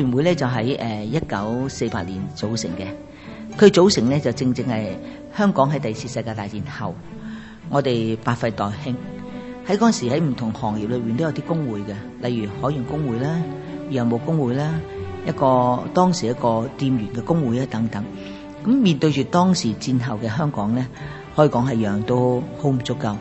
聯會咧就喺誒一九四八年組成嘅，佢組成咧就正正係香港喺第二次世界大戰後，我哋百廢待興，喺嗰時喺唔同行業裏面都有啲工會嘅，例如海員工會啦、洋務工會啦，一個當時一個店員嘅工會啊等等，咁面對住當時戰後嘅香港咧，可以講係樣樣都好唔足夠。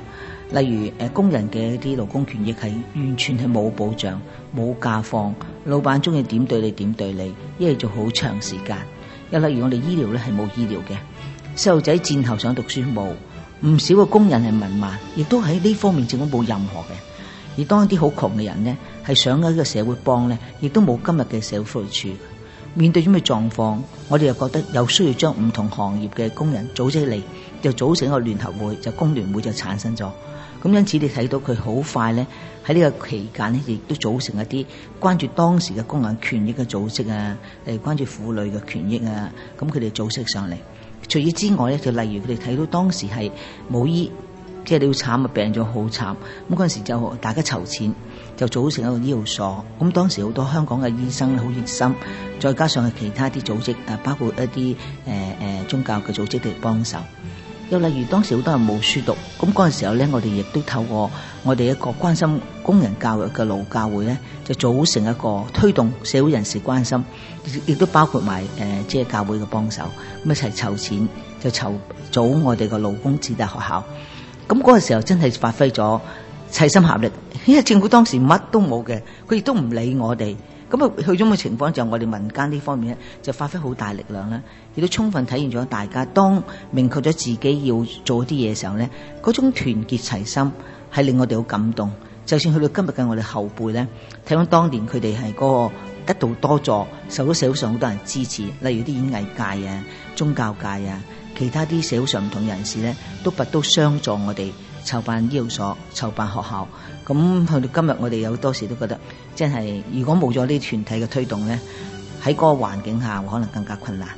例如，誒、呃、工人嘅一啲勞工權益係完全係冇保障、冇假放，老闆中意點對你點對你，一係做好長時間。又例如我哋醫療咧係冇醫療嘅，細路仔戰後想讀書冇，唔少嘅工人係文盲，亦都喺呢方面政府冇任何嘅。而當一啲好窮嘅人咧，係想喺個社會幫咧，亦都冇今日嘅社會福利處。面對咁嘅狀況，我哋又覺得又需要將唔同行業嘅工人組織嚟，就組成一個聯合會，就工聯會就產生咗。咁因此你睇到佢好快咧，喺呢個期間咧，亦都組成一啲關注當時嘅工人權益嘅組織啊，誒關注婦女嘅權益啊，咁佢哋組織上嚟。除此之外咧，就例如佢哋睇到當時係冇醫。即係你要慘啊！病咗好慘，咁嗰陣時就大家籌錢，就組成一個醫護所。咁當時好多香港嘅醫生咧好熱心，再加上係其他啲組織啊，包括一啲誒誒宗教嘅組織嚟幫手。又例如當時好多人冇書讀，咁嗰陣時候咧，我哋亦都透過我哋一個關心工人教育嘅勞教會咧，就組成一個推動社會人士關心，亦都包括埋誒、呃、即係教會嘅幫手，咁一齊籌錢，就籌組我哋個勞工子弟學校。咁嗰個時候真係發揮咗齊心合力，因為政府當時乜都冇嘅，佢亦都唔理我哋。咁啊，去咗嘅情況就係我哋民間呢方面咧，就發揮好大力量啦，亦都充分體現咗大家當明確咗自己要做啲嘢嘅時候咧，嗰種團結齊心係令我哋好感動。就算去到今日嘅我哋後輩咧，睇返當年佢哋係嗰個得道多助，受到社會上好多人的支持，例如啲演藝界啊、宗教界啊。其他啲社會上唔同人士咧，都拔刀相助，我哋籌辦醫療所、籌辦學校。咁去到今日，我哋有多時都覺得，真係如果冇咗呢個團體嘅推動咧，喺個環境下，可能更加困難。